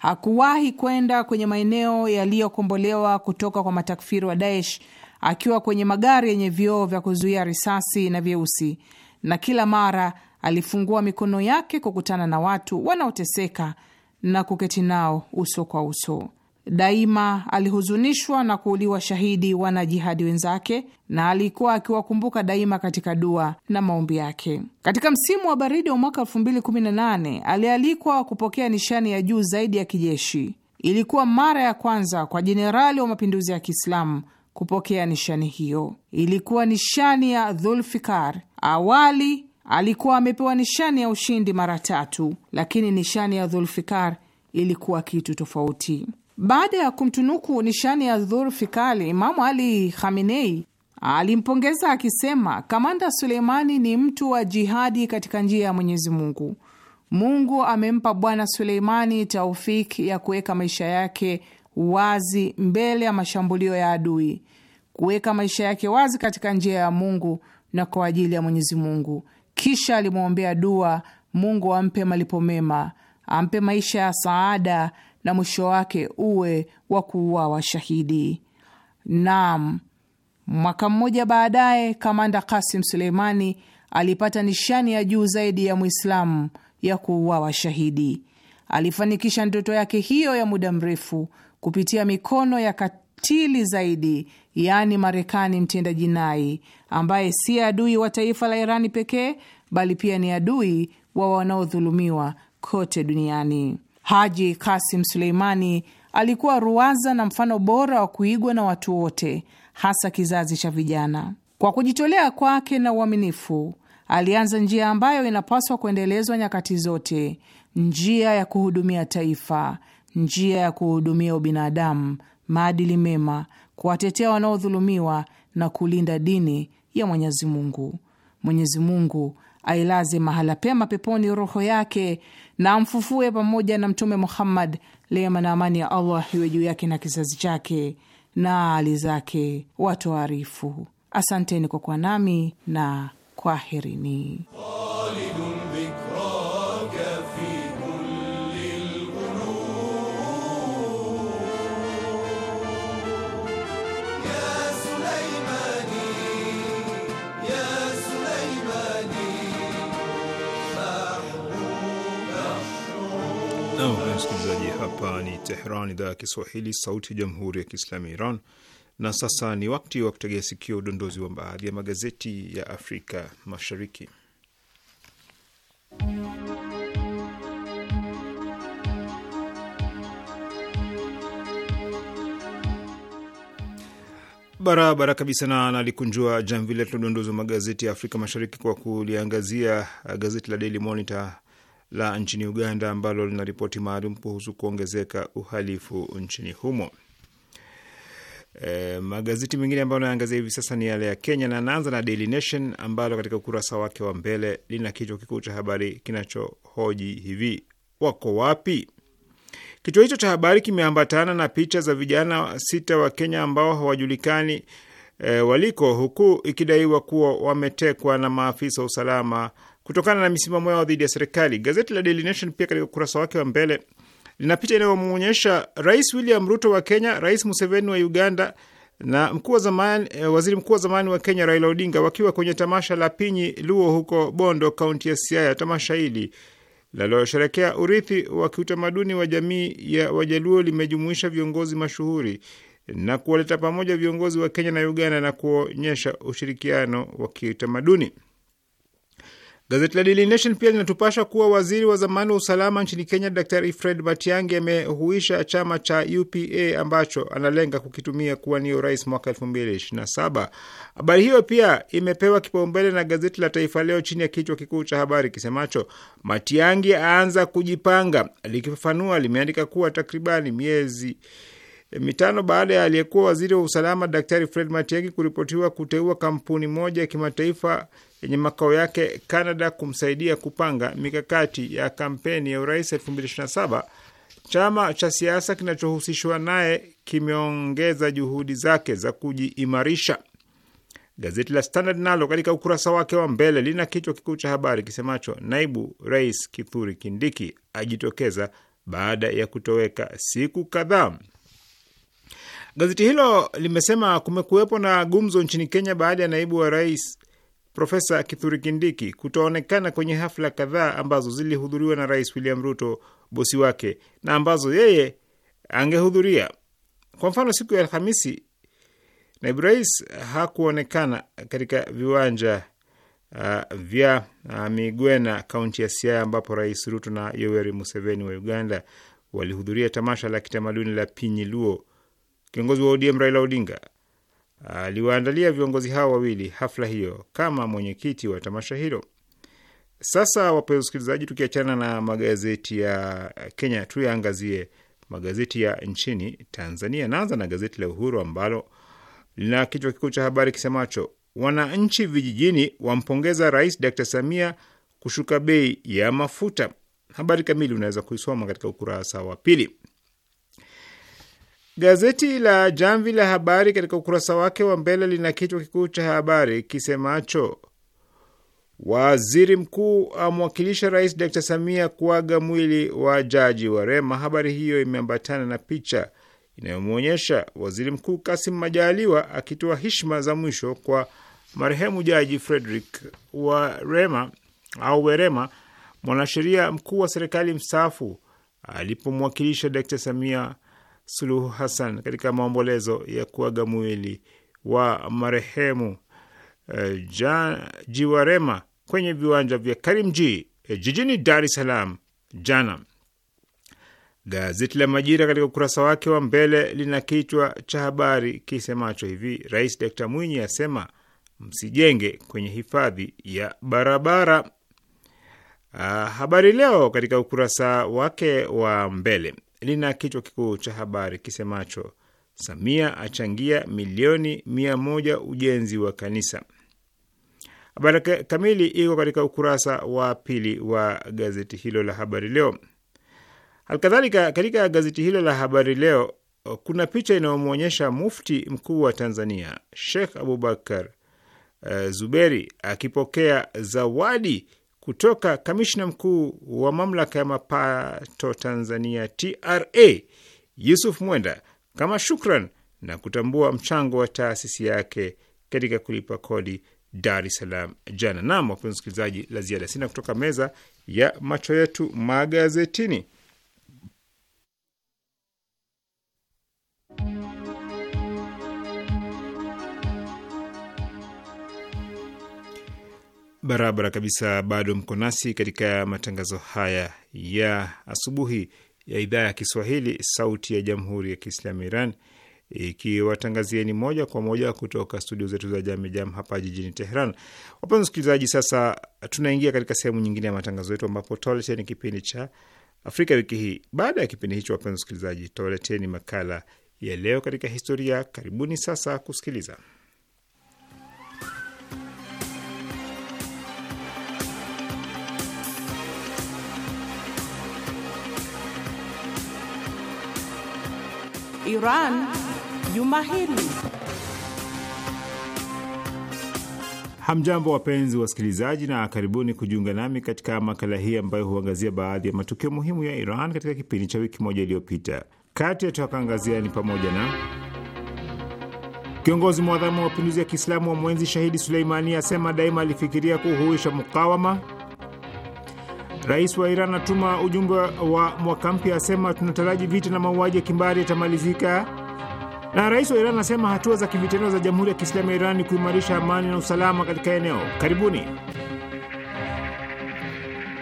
hakuwahi kwenda kwenye maeneo yaliyokombolewa kutoka kwa matakfiri wa Daesh akiwa kwenye magari yenye vioo vya kuzuia risasi na vyeusi, na kila mara alifungua mikono yake kukutana na watu wanaoteseka na kuketi nao uso kwa uso. Daima alihuzunishwa na kuuliwa shahidi wanajihadi wenzake na alikuwa akiwakumbuka daima katika dua na maombi yake. Katika msimu wa baridi wa mwaka 2018 alialikwa kupokea nishani ya juu zaidi ya kijeshi. Ilikuwa mara ya kwanza kwa jenerali wa mapinduzi ya Kiislamu kupokea nishani hiyo. Ilikuwa nishani ya Dhulfikar. Awali alikuwa amepewa nishani ya ushindi mara tatu, lakini nishani ya Dhulfikar ilikuwa kitu tofauti. Baada ya kumtunuku nishani ya Dhulfikali, Imamu Ali Khamenei alimpongeza akisema, kamanda Suleimani ni mtu wa jihadi katika njia ya Mwenyezi Mungu. Mungu amempa bwana Suleimani taufiki ya kuweka maisha yake wazi mbele ya mashambulio ya adui, kuweka maisha yake wazi katika njia ya Mungu na kwa ajili ya Mwenyezi Mungu. Kisha alimwombea dua Mungu ampe malipo mema, ampe maisha ya saada na mwisho wake uwe wa kuuawa shahidi. Naam, mwaka mmoja baadaye kamanda Kasim Suleimani alipata nishani ya juu zaidi ya Mwislamu ya kuuawa shahidi. Alifanikisha ndoto yake hiyo ya muda mrefu kupitia mikono ya katili zaidi, yaani Marekani mtenda jinai, ambaye si adui wa taifa la Irani pekee, bali pia ni adui wa wanaodhulumiwa kote duniani. Haji Kasim Suleimani alikuwa ruwaza na mfano bora wa kuigwa na watu wote, hasa kizazi cha vijana. Kwa kujitolea kwake na uaminifu, alianza njia ambayo inapaswa kuendelezwa nyakati zote, njia ya kuhudumia taifa, njia ya kuhudumia ubinadamu, maadili mema, kuwatetea wanaodhulumiwa na kulinda dini ya Mwenyezi Mungu. Mwenyezi Mungu ailaze mahala pema peponi roho yake na amfufue pamoja na Mtume Muhammad, lema na amani ya Allah iwe juu yake na kizazi chake na ali zake watoarifu. Asanteni kwa kuwa nami na kwaherini. Msikilizaji, hapa ni Tehran, idhaa ya Kiswahili, sauti ya jamhuri ya kiislamu ya Iran. Na sasa ni wakati wa kutegea sikio udondozi wa baadhi ya magazeti ya Afrika Mashariki. Barabara kabisa na nalikunjua jamvi letu udondozi wa magazeti ya Afrika Mashariki kwa kuliangazia gazeti la Daily Monitor la nchini Uganda ambalo lina ripoti maalum kuhusu kuongezeka uhalifu nchini humo. E, magazeti mengine ambayo anaangazia hivi sasa ni yale ya Kenya na naanza na Daily Nation ambalo katika ukurasa wake wa mbele lina kichwa kikuu cha habari kinachohoji hivi, wako wapi? Kichwa hicho cha habari kimeambatana na picha za vijana sita wa Kenya ambao hawajulikani e, waliko, huku ikidaiwa kuwa wametekwa na maafisa wa usalama kutokana na misimamo yao dhidi ya serikali. Gazeti la Daily Nation pia katika ukurasa wake wa mbele lina picha inayomwonyesha Rais William Ruto wa Kenya, Rais Museveni wa Uganda na mkuu wa zamani, eh, waziri mkuu wa zamani wa Kenya Raila Odinga wakiwa kwenye tamasha la Pinyi Luo huko Bondo, kaunti ya Siaya. Tamasha hili linalosherekea urithi wa kiutamaduni wa jamii ya Wajaluo limejumuisha viongozi mashuhuri na kuwaleta pamoja viongozi wa Kenya na Uganda na kuonyesha ushirikiano wa kiutamaduni. Gazeti la Daily Nation pia linatupasha kuwa waziri wa zamani wa usalama nchini Kenya, dr Fred Matiang'i amehuisha chama cha UPA ambacho analenga kukitumia kuwania urais mwaka 2027. Habari hiyo pia imepewa kipaumbele na gazeti la Taifa Leo chini ya kichwa kikuu cha habari kisemacho Matiang'i aanza kujipanga. Likifafanua, limeandika kuwa takribani miezi E, mitano baada ya aliyekuwa waziri wa usalama Daktari Fred Matiang'i kuripotiwa kuteua kampuni moja ya kimataifa yenye makao yake Canada kumsaidia kupanga mikakati ya kampeni ya urais 2027, chama cha siasa kinachohusishwa naye kimeongeza juhudi zake za kujiimarisha. Gazeti la Standard nalo katika ukurasa wake wa mbele lina kichwa kikuu cha habari kisemacho naibu rais Kithuri Kindiki ajitokeza baada ya kutoweka siku kadhaa. Gazeti hilo limesema kumekuwepo na gumzo nchini Kenya baada ya naibu wa rais Profesa Kithuri Kindiki kutoonekana kwenye hafla kadhaa ambazo zilihudhuriwa na Rais William Ruto, bosi wake, na ambazo yeye angehudhuria. Kwa mfano, siku ya Alhamisi naibu rais hakuonekana katika viwanja uh, vya uh, Migwena, kaunti ya Siaya, ambapo Rais Ruto na Yoweri Museveni wa Uganda walihudhuria tamasha la kitamaduni la Pinyiluo Kiongozi wa ODM Raila Odinga aliwaandalia viongozi hao wawili hafla hiyo kama mwenyekiti wa tamasha hilo. Sasa wapenzi wasikilizaji, tukiachana na magazeti ya Kenya, tuyaangazie magazeti ya nchini Tanzania. Naanza na gazeti la Uhuru ambalo lina kichwa kikuu cha habari kisemacho wananchi vijijini wampongeza Rais Dr Samia kushuka bei ya mafuta. Habari kamili unaweza kuisoma katika ukurasa wa pili. Gazeti la Jamvi la Habari katika ukurasa wake wa mbele lina kichwa kikuu cha habari kisemacho waziri mkuu amwakilisha Rais dr Samia kuaga mwili wa jaji wa Rema. Habari hiyo imeambatana na picha inayomwonyesha waziri mkuu Kasim Majaliwa akitoa heshima za mwisho kwa marehemu jaji Frederick Warema au Werema, mwanasheria mkuu wa serikali mstaafu, alipomwakilisha d Samia Suluhu Hassan katika maombolezo ya kuaga mwili wa marehemu uh, Jiwarema kwenye viwanja vya Karimjee eh, jijini Dar es Salaam jana. Gazeti la Majira katika ukurasa wake wa mbele lina kichwa cha habari kisemacho hivi: Rais Dkt Mwinyi asema msijenge kwenye hifadhi ya barabara. Uh, Habari Leo katika ukurasa wake wa mbele lina kichwa kikuu cha habari kisemacho Samia achangia milioni mia moja ujenzi wa kanisa. Habari kamili iko katika ukurasa wa pili wa gazeti hilo la Habari Leo. Halikadhalika, katika gazeti hilo la Habari Leo kuna picha inayomwonyesha mufti mkuu wa Tanzania Sheikh Abubakar uh, Zuberi akipokea zawadi kutoka kamishna mkuu wa mamlaka ya mapato Tanzania TRA Yusuf Mwenda kama shukran na kutambua mchango wa taasisi yake katika kulipa kodi Dar es Salaam jana. Nam, wapenzi msikilizaji, la ziada sina kutoka meza ya macho yetu magazetini. Barabara kabisa, bado mko nasi katika matangazo haya ya asubuhi ya idhaa ya Kiswahili, Sauti ya Jamhuri ya Kiislamu Iran, ikiwatangazieni moja kwa moja kutoka studio zetu za Jam hapa jijini Teheran. Wapenzi wasikilizaji, sasa tunaingia katika sehemu nyingine ya matangazo yetu ambapo tutawaleteni kipindi cha Afrika wiki hii. Baada ya kipindi hicho, wapenzi wasikilizaji, tawaleteni makala ya leo katika historia. Karibuni sasa kusikiliza Iran juma hili. Hamjambo wapenzi wasikilizaji, na karibuni kujiunga nami katika makala hii ambayo huangazia baadhi ya matukio muhimu ya Iran katika kipindi cha wiki moja iliyopita. Kati ya tutakaangazia ni pamoja na kiongozi mwadhamu wa mapinduzi ya Kiislamu wa mwenzi shahidi Suleimani asema daima alifikiria kuhuisha mukawama Rais wa Iran atuma ujumbe wa mwaka mpya, asema tunataraji vita na mauaji ya kimbari yatamalizika. Na rais wa Iran anasema hatua za kivitendo za Jamhuri ya Kiislamu ya Iran ni kuimarisha amani na usalama katika eneo. Karibuni.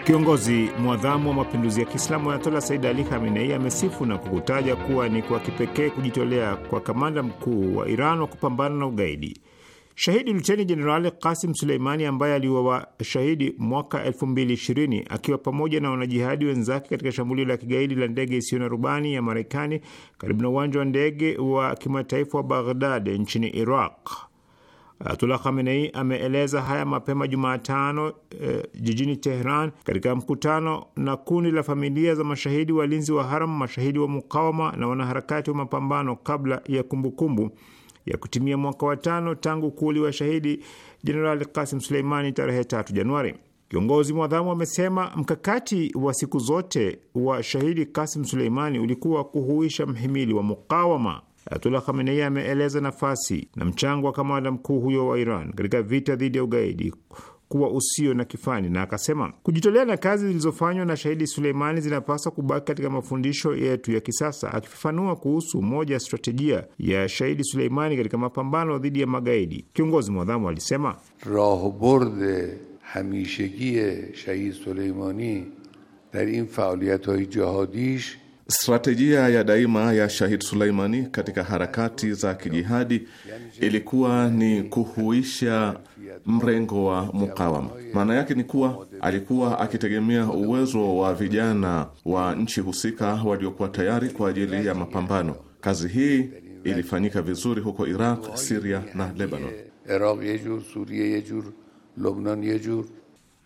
Kiongozi mwadhamu wa mapinduzi ya Kiislamu Ayatola Said Ali Khamenei amesifu na kukutaja kuwa ni kwa kipekee kujitolea kwa kamanda mkuu wa Iran wa kupambana na ugaidi Shahidi Luteni Jenerali Kasim Suleimani ambaye aliuawa shahidi mwaka 2020 akiwa pamoja na wanajihadi wenzake katika shambulio la kigaidi la ndege isiyo na rubani ya Marekani karibu na uwanja wa ndege wa kimataifa wa Baghdad nchini Iraq. Ayatullah Khamenei ameeleza haya mapema Jumatano eh, jijini Tehran katika mkutano na kundi la familia za mashahidi walinzi wa haram, mashahidi wa mukawama na wanaharakati wa mapambano kabla ya kumbukumbu kumbu ya kutimia mwaka wa tano tangu kuuliwa shahidi Jenerali Kasim Suleimani tarehe tatu Januari. Kiongozi mwadhamu amesema mkakati wa siku zote wa shahidi Kasim Suleimani ulikuwa kuhuisha mhimili wa mukawama. Ayatullah Khamenei ameeleza nafasi na mchango wa kamanda mkuu huyo wa Iran katika vita dhidi ya ugaidi kuwa usio na kifani, na akasema kujitolea na kazi zilizofanywa na shahidi Suleimani zinapaswa kubaki katika mafundisho yetu ya kisasa. Akifafanua kuhusu moja ya stratejia ya shahidi Suleimani katika mapambano dhidi ya magaidi, kiongozi mwadhamu alisema rohborde hamishegie shahid suleimani dar in faaliyath jihadish Stratejia ya daima ya Shahid Suleimani katika harakati za kijihadi ilikuwa ni kuhuisha mrengo wa mukawama. Maana yake ni kuwa alikuwa akitegemea uwezo wa vijana wa nchi husika waliokuwa tayari kwa ajili ya mapambano. Kazi hii ilifanyika vizuri huko Iraq, Siria na Lebanon.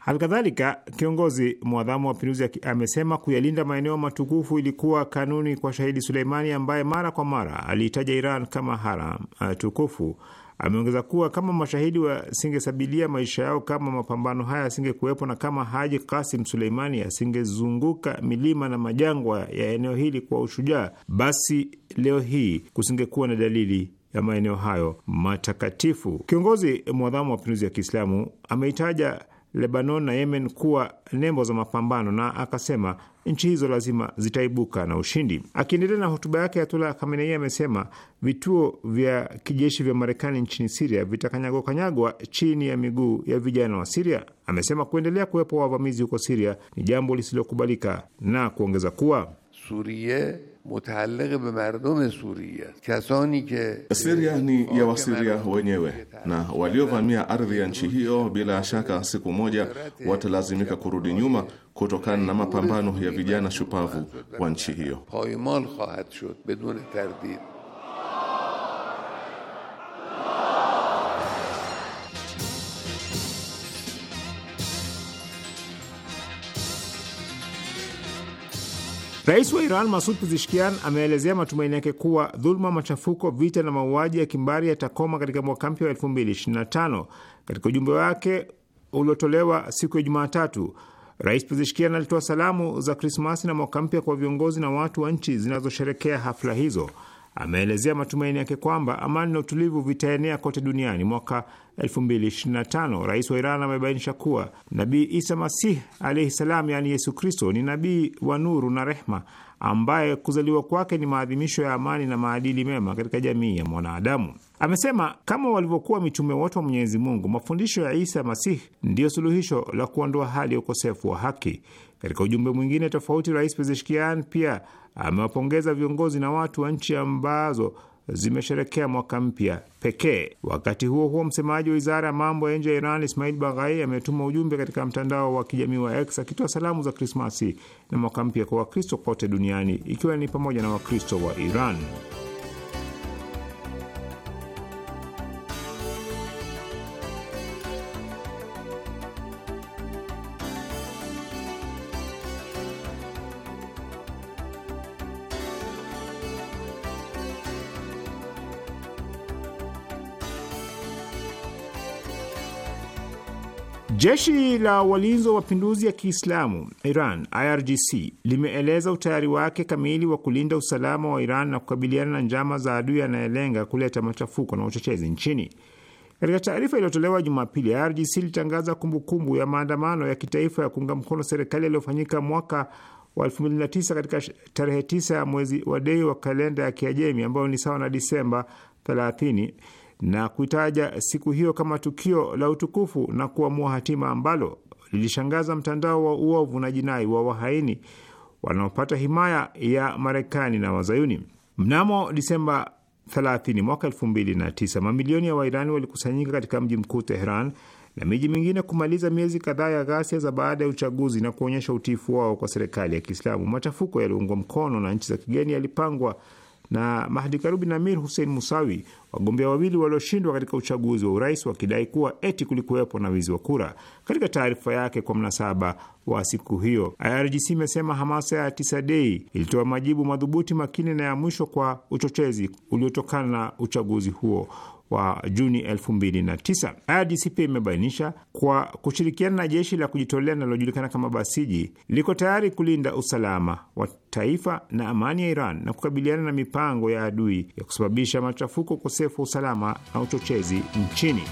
Halikadhalika, kiongozi mwadhamu wa mapinduzi amesema kuyalinda maeneo matukufu ilikuwa kanuni kwa shahidi Suleimani, ambaye mara kwa mara aliitaja Iran kama haram eh, tukufu. Ameongeza kuwa kama mashahidi wasingesabilia maisha yao, kama mapambano haya yasingekuwepo, na kama Haji Kasim Suleimani asingezunguka milima na majangwa ya eneo hili kwa ushujaa, basi leo hii kusingekuwa na dalili ya maeneo hayo matakatifu. Kiongozi mwadhamu wa mapinduzi ya Kiislamu ameitaja Lebanon na Yemen kuwa nembo za mapambano na akasema nchi hizo lazima zitaibuka na ushindi. Akiendelea na hotuba yake, Ayatullah Khamenei amesema vituo vya kijeshi vya Marekani nchini Siria vitakanyagwa kanyagwa chini ya miguu ya vijana wa Siria. Amesema kuendelea kuwepo wavamizi huko Siria ni jambo lisilokubalika na kuongeza kuwa سوریه متعلق به مردم Suria kasani ke Syria ni ya Wasiria wenyewe na waliovamia ardhi ya nchi hiyo bila shaka siku moja watalazimika kurudi nyuma kutokana na mapambano ya vijana shupavu wa nchi hiyo. Paymal khahat shud bedun tardid. Rais wa Iran Masud pizishkian ameelezea matumaini yake kuwa dhuluma, machafuko, vita na mauaji ya kimbari yatakoma katika mwaka mpya wa 2025. Katika ujumbe wake uliotolewa siku ya Jumatatu, Rais pizishkian alitoa salamu za Krismasi na mwaka mpya kwa viongozi na watu wa nchi zinazosherekea hafla hizo. Ameelezea matumaini yake kwamba amani na utulivu vitaenea kote duniani mwaka 2025. Rais wa Iran amebainisha kuwa Nabii Isa Masih alaihi salam, yaani Yesu Kristo, ni nabii wa nuru na rehma ambaye kuzaliwa kwake ni maadhimisho ya amani na maadili mema katika jamii ya mwanadamu. Amesema kama walivyokuwa mitume wote wa Mwenyezi Mungu, mafundisho ya Isa Masih ndiyo suluhisho la kuondoa hali ya ukosefu wa haki. Katika ujumbe mwingine tofauti, Rais Pezeshkian pia amewapongeza viongozi na watu wa nchi ambazo zimesherekea mwaka mpya pekee. Wakati huo huo, msemaji wa wizara ya mambo ya nje ya Iran Ismail Baghai ametuma ujumbe katika mtandao wa kijamii wa X akitoa salamu za Krismasi na mwaka mpya kwa Wakristo kote duniani, ikiwa ni pamoja na Wakristo wa Iran. Jeshi la walinzi wa mapinduzi ya Kiislamu Iran IRGC limeeleza utayari wake kamili wa kulinda usalama wa Iran na kukabiliana na njama za adui anayelenga kuleta machafuko na uchochezi nchini. Katika taarifa iliyotolewa Jumapili, IRGC ilitangaza kumbukumbu ya maandamano ya kitaifa ya kuunga mkono serikali yaliyofanyika mwaka wa 2009 katika tarehe 9 ya mwezi wa Dei wa kalenda ya Kiajemi, ambayo ni sawa na Disemba 30 na kuitaja siku hiyo kama tukio la utukufu na kuamua hatima ambalo lilishangaza mtandao wa uovu na jinai wa wahaini wanaopata himaya ya Marekani na Wazayuni. Mnamo Disemba 30 mwaka 2009, mamilioni ya Wairani walikusanyika katika mji mkuu Tehran na miji mingine kumaliza miezi kadhaa ya ghasia za baada ya uchaguzi na kuonyesha utiifu wao kwa serikali ya Kiislamu. Machafuko yaliungwa mkono na nchi za kigeni yalipangwa na Mahdi Karubi na Mir Hussein Musawi, wagombea wawili walioshindwa katika uchaguzi wa urais, wakidai kuwa eti kulikuwepo na wizi wa kura. Katika taarifa yake kwa mnasaba wa siku hiyo, IRGC imesema hamasa ya tisa dei ilitoa majibu madhubuti, makini na ya mwisho kwa uchochezi uliotokana na uchaguzi huo wa Juni 2009. IRGC pia imebainisha kwa kushirikiana na jeshi la kujitolea linalojulikana kama Basiji liko tayari kulinda usalama wa taifa na amani ya Iran na kukabiliana na mipango ya adui ya kusababisha machafuko, ukosefu wa usalama na uchochezi nchini.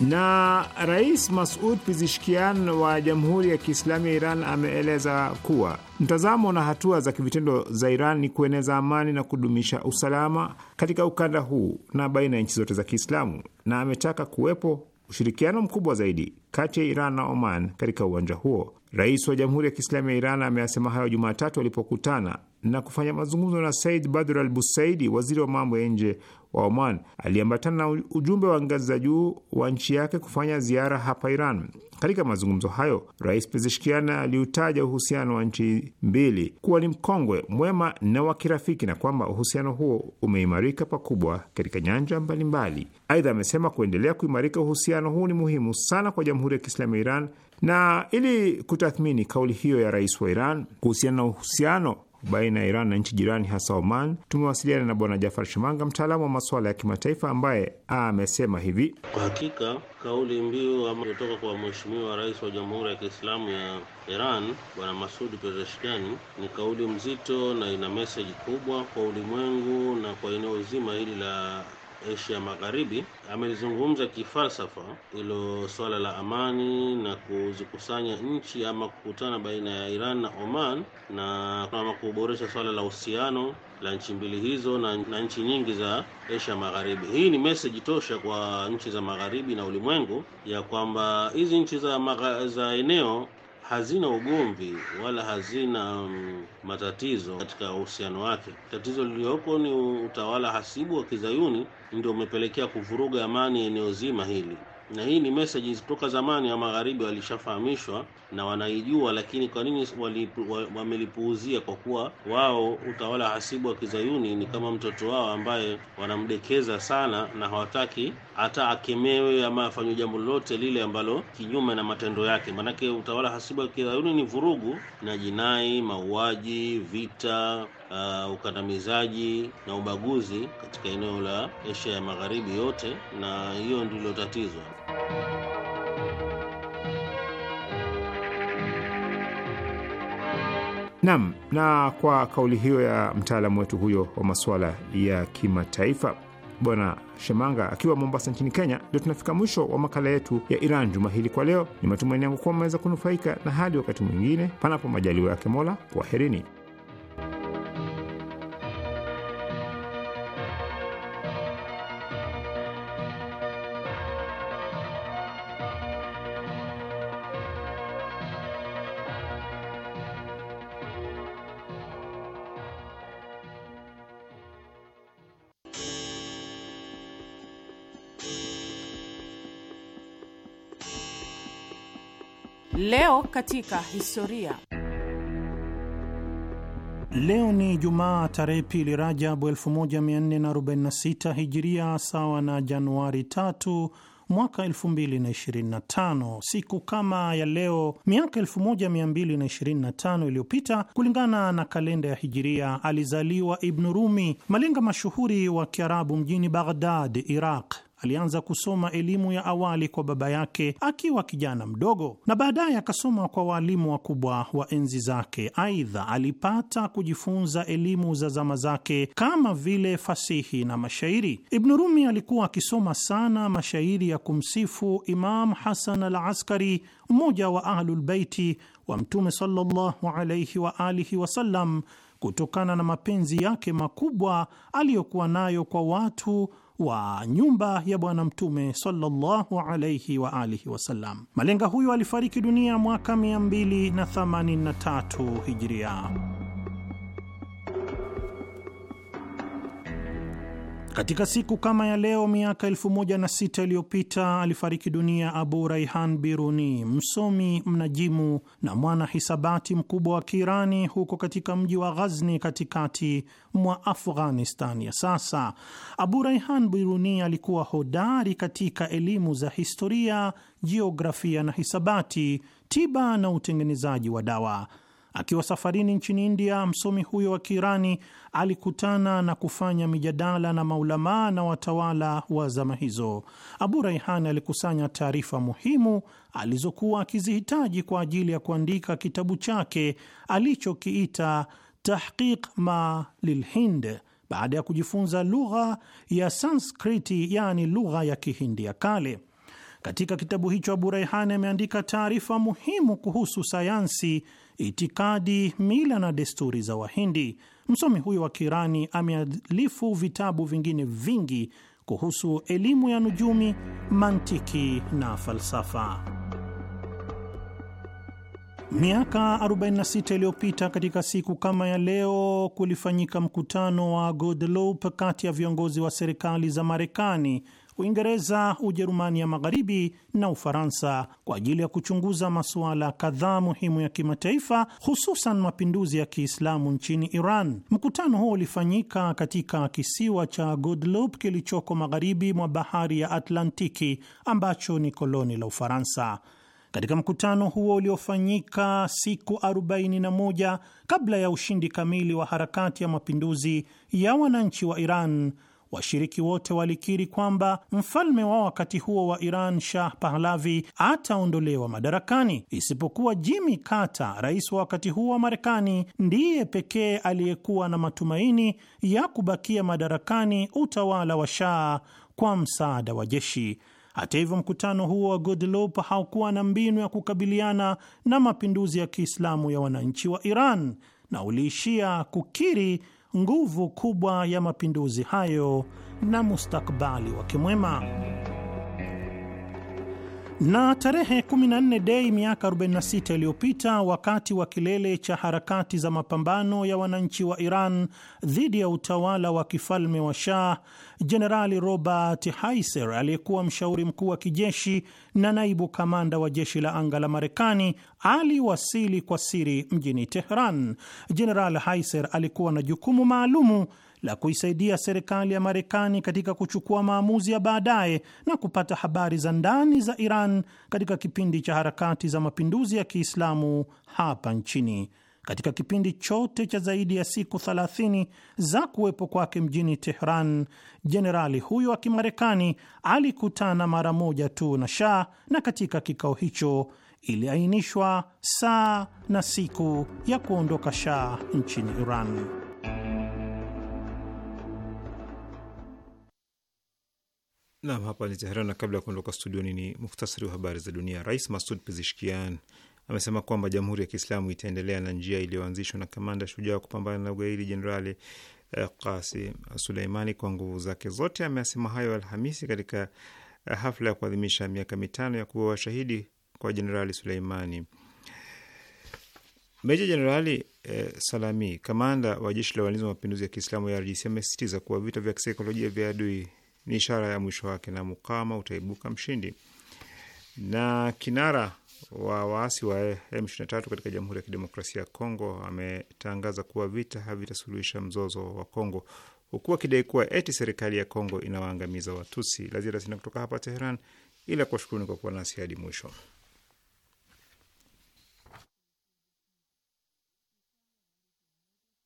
Na Rais Masud Pizishkian wa Jamhuri ya Kiislamu ya Iran ameeleza kuwa mtazamo na hatua za kivitendo za Iran ni kueneza amani na kudumisha usalama katika ukanda huu na baina ya nchi zote za Kiislamu, na ametaka kuwepo ushirikiano mkubwa zaidi kati ya Iran na Oman katika uwanja huo. Rais wa Jamhuri ya Kiislamu ya Iran ameyasema hayo Jumatatu alipokutana na kufanya mazungumzo na Said Badr al Busaidi, waziri wa mambo ya nje wa Oman. Aliambatana na ujumbe wa ngazi za juu wa nchi yake kufanya ziara hapa Iran. Katika mazungumzo hayo, Rais Pezeshkian aliutaja uhusiano wa nchi mbili kuwa ni mkongwe, mwema na wa kirafiki, na kwamba uhusiano huo umeimarika pakubwa katika nyanja mbalimbali. Aidha, amesema kuendelea kuimarika uhusiano huu ni muhimu sana kwa Jamhuri ya Kiislamu ya Iran, na ili kutathmini kauli hiyo ya rais wa Iran kuhusiana na uhusiano baina ya Iran na nchi jirani hasa Oman. Tumewasiliana na Bwana Jafar Shimanga, mtaalamu wa masuala ya kimataifa, ambaye amesema hivi: kwa hakika kauli mbiu iliyotoka kwa Mheshimiwa Rais wa Jamhuri ya Kiislamu ya Iran Bwana Masudi Pezeshkiani ni kauli mzito na ina meseji kubwa kwa ulimwengu na kwa eneo zima hili la Asia Magharibi amelizungumza kifalsafa hilo swala la amani na kuzikusanya nchi ama kukutana baina ya Iran na Oman na kama kuboresha swala la uhusiano la nchi mbili hizo na, na nchi nyingi za Asia Magharibi. Hii ni message tosha kwa nchi za Magharibi na ulimwengu ya kwamba hizi nchi za, maga, za eneo hazina ugomvi wala hazina um, matatizo katika uhusiano wake. Tatizo liliyopo ni utawala hasibu wa kizayuni ndio umepelekea kuvuruga amani eneo zima hili, na hii ni messages kutoka zamani ya magharibi, walishafahamishwa na wanaijua, lakini kwa nini wamelipuuzia? Kwa kuwa wao utawala hasibu wa kizayuni ni kama mtoto wao ambaye wanamdekeza sana, na hawataki hata akemewe ama afanywe jambo lolote lile ambalo kinyume na matendo yake. Maanake utawala hasibu wa kizayuni ni vurugu na jinai, mauaji, vita Uh, ukandamizaji na ubaguzi katika eneo la Asia ya Magharibi yote, na hiyo ndilo tatizo. Nam, na kwa kauli hiyo ya mtaalamu wetu huyo wa masuala ya kimataifa Bwana Shemanga akiwa Mombasa nchini Kenya, ndio tunafika mwisho wa makala yetu ya Iran juma hili kwa leo. Ni matumaini yangu kuwa mmeweza kunufaika, na hadi wakati mwingine, panapo majaliwa yake Mola, kwaherini. katika historia. Leo ni Jumaa tarehe pili Rajabu 1446 Hijiria, sawa na Januari 3 mwaka 2025. Siku kama ya leo miaka 1225 iliyopita kulingana na kalenda ya Hijiria, alizaliwa Ibnu Rumi, malenga mashuhuri wa Kiarabu mjini Baghdad, Iraq alianza kusoma elimu ya awali kwa baba yake akiwa kijana mdogo na baadaye akasoma kwa waalimu wakubwa wa enzi zake. Aidha, alipata kujifunza elimu za zama zake kama vile fasihi na mashairi. Ibnu Rumi alikuwa akisoma sana mashairi ya kumsifu Imam Hasan al Askari, mmoja wa Ahlulbeiti wa Mtume sallallahu alaihi wa alihi wasallam, kutokana na mapenzi yake makubwa aliyokuwa nayo kwa watu wa nyumba ya Bwana Mtume sallallahu alayhi wa alihi wasallam. Malenga huyo alifariki dunia mwaka 283 Hijria. Katika siku kama ya leo miaka elfu moja na sita iliyopita alifariki dunia Abu Raihan Biruni, msomi mnajimu na mwana hisabati mkubwa wa Kiirani, huko katika mji wa Ghazni katikati mwa Afghanistan ya sasa. Abu Raihan Biruni alikuwa hodari katika elimu za historia, jiografia na hisabati, tiba na utengenezaji wa dawa. Akiwa safarini nchini India, msomi huyo wa Kiirani alikutana na kufanya mijadala na maulamaa na watawala wa zama hizo. Abu Raihan alikusanya taarifa muhimu alizokuwa akizihitaji kwa ajili ya kuandika kitabu chake alichokiita Tahqiq ma Lilhind, baada ya kujifunza lugha ya Sanskriti, yaani lugha ya Kihindi ya kale. Katika kitabu hicho Abu raihani ameandika taarifa muhimu kuhusu sayansi itikadi, mila na desturi za Wahindi. Msomi huyo wa Kirani amealifu vitabu vingine vingi kuhusu elimu ya nujumi, mantiki na falsafa. Miaka 46 iliyopita katika siku kama ya leo, kulifanyika mkutano wa Godeloup kati ya viongozi wa serikali za Marekani Uingereza, Ujerumani ya Magharibi na Ufaransa kwa ajili ya kuchunguza masuala kadhaa muhimu ya kimataifa, hususan mapinduzi ya Kiislamu nchini Iran. Mkutano huo ulifanyika katika kisiwa cha Guadeloupe kilichoko magharibi mwa bahari ya Atlantiki ambacho ni koloni la Ufaransa. Katika mkutano huo uliofanyika siku 41 kabla ya ushindi kamili wa harakati ya mapinduzi ya wananchi wa Iran washiriki wote walikiri kwamba mfalme wa wakati huo wa Iran Shah Pahlavi ataondolewa madarakani, isipokuwa Jimmy Carter, rais wa wakati huo wa Marekani, ndiye pekee aliyekuwa na matumaini ya kubakia madarakani utawala wa Shah kwa msaada wa jeshi. Hata hivyo mkutano huo wa Godeloup haukuwa na mbinu ya kukabiliana na mapinduzi ya Kiislamu ya wananchi wa Iran na uliishia kukiri nguvu kubwa ya mapinduzi hayo na mustakbali wake mwema. Na tarehe 14 Dei miaka 46 iliyopita, wakati wa kilele cha harakati za mapambano ya wananchi wa Iran dhidi ya utawala wa kifalme wa Shah, Jenerali Robert Heiser aliyekuwa mshauri mkuu wa kijeshi na naibu kamanda wa jeshi la anga la Marekani aliwasili kwa siri mjini Tehran. Jenerali Heiser alikuwa na jukumu maalumu la kuisaidia serikali ya Marekani katika kuchukua maamuzi ya baadaye na kupata habari za ndani za Iran katika kipindi cha harakati za mapinduzi ya Kiislamu hapa nchini. Katika kipindi chote cha zaidi ya siku 30 za kuwepo kwake mjini Tehran, jenerali huyo wa Kimarekani alikutana mara moja tu na Shah, na katika kikao hicho iliainishwa saa na siku ya kuondoka Shah nchini Iran. Nam, hapa ni Teheran, na kabla ya kuondoka studioni ni muhtasari wa habari za dunia. Rais Masud Pezishkian amesema kwamba Jamhuri ya Kiislamu itaendelea na njia iliyoanzishwa na kamanda shujaa wa kupambana na ugaidi Jenerali eh, Kasim Suleimani kwa nguvu zake zote. Amesema hayo Alhamisi katika eh, hafla ya kuadhimisha miaka mitano ya kuwa washahidi kwa Jenerali Suleimani. Meja Jenerali eh, Salami, kamanda wa jeshi la walinzi wa mapinduzi ya Kiislamu ya RGC, amesisitiza kuwa vita vya kisaikolojia vya adui ni ishara ya mwisho wake na mukama utaibuka mshindi. Na kinara wa waasi wa M23 katika Jamhuri ya Kidemokrasia ya Kongo ametangaza kuwa vita havitasuluhisha mzozo wa Kongo, huku akidai kuwa eti serikali ya Kongo inawaangamiza Watusi. La ziada sina kutoka hapa Teheran, ila kuwashukuruni kwa kuwa nasi hadi mwisho.